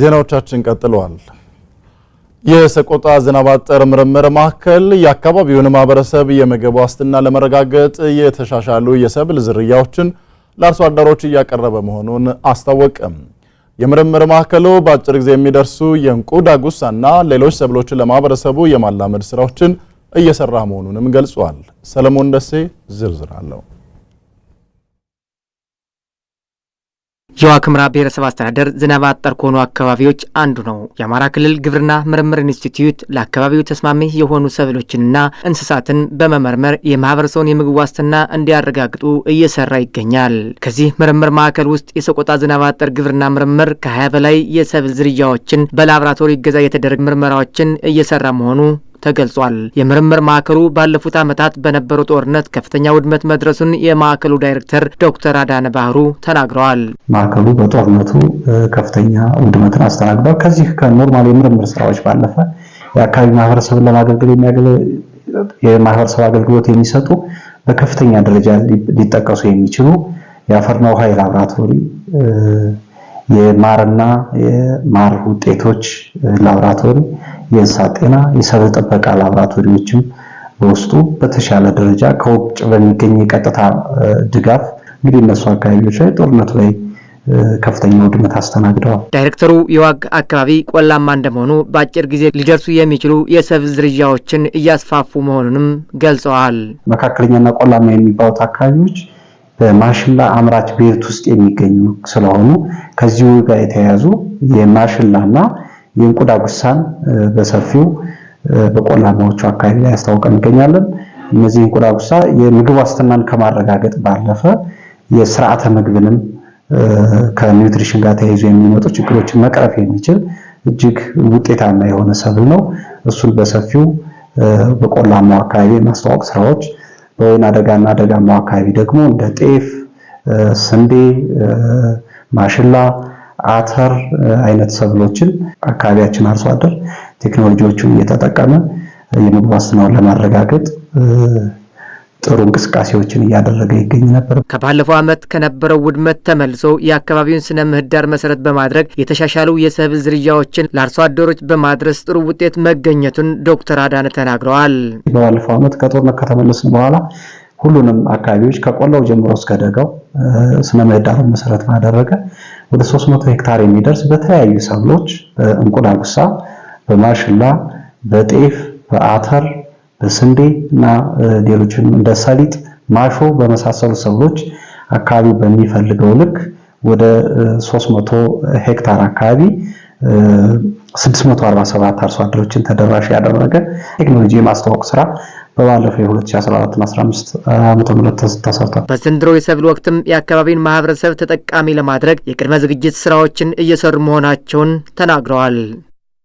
ዜናዎቻችን ቀጥለዋል። የሰቆጣ ዝናብ አጠር ምርምር ማዕከል የአካባቢውን ማህበረሰብ የምግብ ዋስትና ለመረጋገጥ የተሻሻሉ የሰብል ዝርያዎችን ለአርሶ አደሮች እያቀረበ መሆኑን አስታወቀም። የምርምር ማዕከሉ በአጭር ጊዜ የሚደርሱ የእንቁ ዳጉሳና ሌሎች ሰብሎችን ለማህበረሰቡ የማላመድ ስራዎችን እየሰራ መሆኑንም ገልጿል። ሰለሞን ደሴ ዝርዝር አለው። የዋግኽምራ ብሔረሰብ አስተዳደር ዝናብ አጠር ከሆኑ አካባቢዎች አንዱ ነው። የአማራ ክልል ግብርና ምርምር ኢንስቲትዩት ለአካባቢው ተስማሚ የሆኑ ሰብሎችንና እንስሳትን በመመርመር የማህበረሰቡን የምግብ ዋስትና እንዲያረጋግጡ እየሰራ ይገኛል። ከዚህ ምርምር ማዕከል ውስጥ የሰቆጣ ዝናብ አጠር ግብርና ምርምር ከ20 በላይ የሰብል ዝርያዎችን በላብራቶሪ እገዛ የተደረገ ምርመራዎችን እየሰራ መሆኑ ተገልጿል። የምርምር ማዕከሉ ባለፉት ዓመታት በነበረው ጦርነት ከፍተኛ ውድመት መድረሱን የማዕከሉ ዳይሬክተር ዶክተር አዳነ ባህሩ ተናግረዋል። ማዕከሉ በጦርነቱ ከፍተኛ ውድመትን አስተናግዷል። ከዚህ ከኖርማል የምርምር ስራዎች ባለፈ የአካባቢ ማህበረሰብን ለማገልገል የማህበረሰብ አገልግሎት የሚሰጡ በከፍተኛ ደረጃ ሊጠቀሱ የሚችሉ የአፈርና ውሃ የላብራቶሪ የማርና የማር ውጤቶች ላብራቶሪ፣ የእንስሳት ጤና፣ የሰብል ጥበቃ ላብራቶሪዎችም በውስጡ በተሻለ ደረጃ ከውጭ በሚገኝ የቀጥታ ድጋፍ እንግዲህ እነሱ አካባቢዎች ላይ ጦርነቱ ላይ ከፍተኛ ውድመት አስተናግደዋል። ዳይሬክተሩ የዋግ አካባቢ ቆላማ እንደመሆኑ በአጭር ጊዜ ሊደርሱ የሚችሉ የሰብል ዝርያዎችን እያስፋፉ መሆኑንም ገልጸዋል። መካከለኛና ቆላማ የሚባሉት አካባቢዎች ማሽላ አምራች ቤት ውስጥ የሚገኙ ስለሆኑ ከዚሁ ጋር የተያያዙ የማሽላና የእንቁዳ ጉሳን በሰፊው በቆላማዎቹ አካባቢ ላይ አስታውቀን እንገኛለን። እነዚህ እንቁዳ ጉሳ የምግብ ዋስትናን ከማረጋገጥ ባለፈ የስርዓተ ምግብንም ከኒውትሪሽን ጋር ተያይዞ የሚመጡ ችግሮችን መቅረፍ የሚችል እጅግ ውጤታማ የሆነ ሰብል ነው። እሱን በሰፊው በቆላማው አካባቢ የማስተዋወቅ ስራዎች በወይና አደጋና ደጋማው አካባቢ ደግሞ እንደ ጤፍ፣ ስንዴ፣ ማሽላ፣ አተር አይነት ሰብሎችን አካባቢያችን አርሶ አደር ቴክኖሎጂዎቹን እየተጠቀመ የምግብ ዋስትናውን ለማረጋገጥ ጥሩ እንቅስቃሴዎችን እያደረገ ይገኝ ነበር። ከባለፈው ዓመት ከነበረው ውድመት ተመልሶ የአካባቢውን ስነ ምህዳር መሰረት በማድረግ የተሻሻሉ የሰብል ዝርያዎችን ለአርሶ አደሮች በማድረስ ጥሩ ውጤት መገኘቱን ዶክተር አዳነ ተናግረዋል። በባለፈው ዓመት ከጦርነት ከተመለስን በኋላ ሁሉንም አካባቢዎች ከቆላው ጀምሮ እስከ ደጋው ስነ ምህዳሩን መሰረት ባደረገ ወደ 300 ሄክታር የሚደርስ በተለያዩ ሰብሎች በእንቁላጉሳ፣ በማሽላ፣ በጤፍ፣ በአተር በስንዴ እና ሌሎችም እንደ ሰሊጥ፣ ማሾ በመሳሰሉ ሰብሎች አካባቢ በሚፈልገው ልክ ወደ 300 ሄክታር አካባቢ 647 አርሶ አደሮችን ተደራሽ ያደረገ ቴክኖሎጂ የማስተዋወቅ ስራ በባለፈው የ2014/15 ዓመተ ተሰርቷል። በዘንድሮ የሰብል ወቅትም የአካባቢን ማህበረሰብ ተጠቃሚ ለማድረግ የቅድመ ዝግጅት ስራዎችን እየሰሩ መሆናቸውን ተናግረዋል።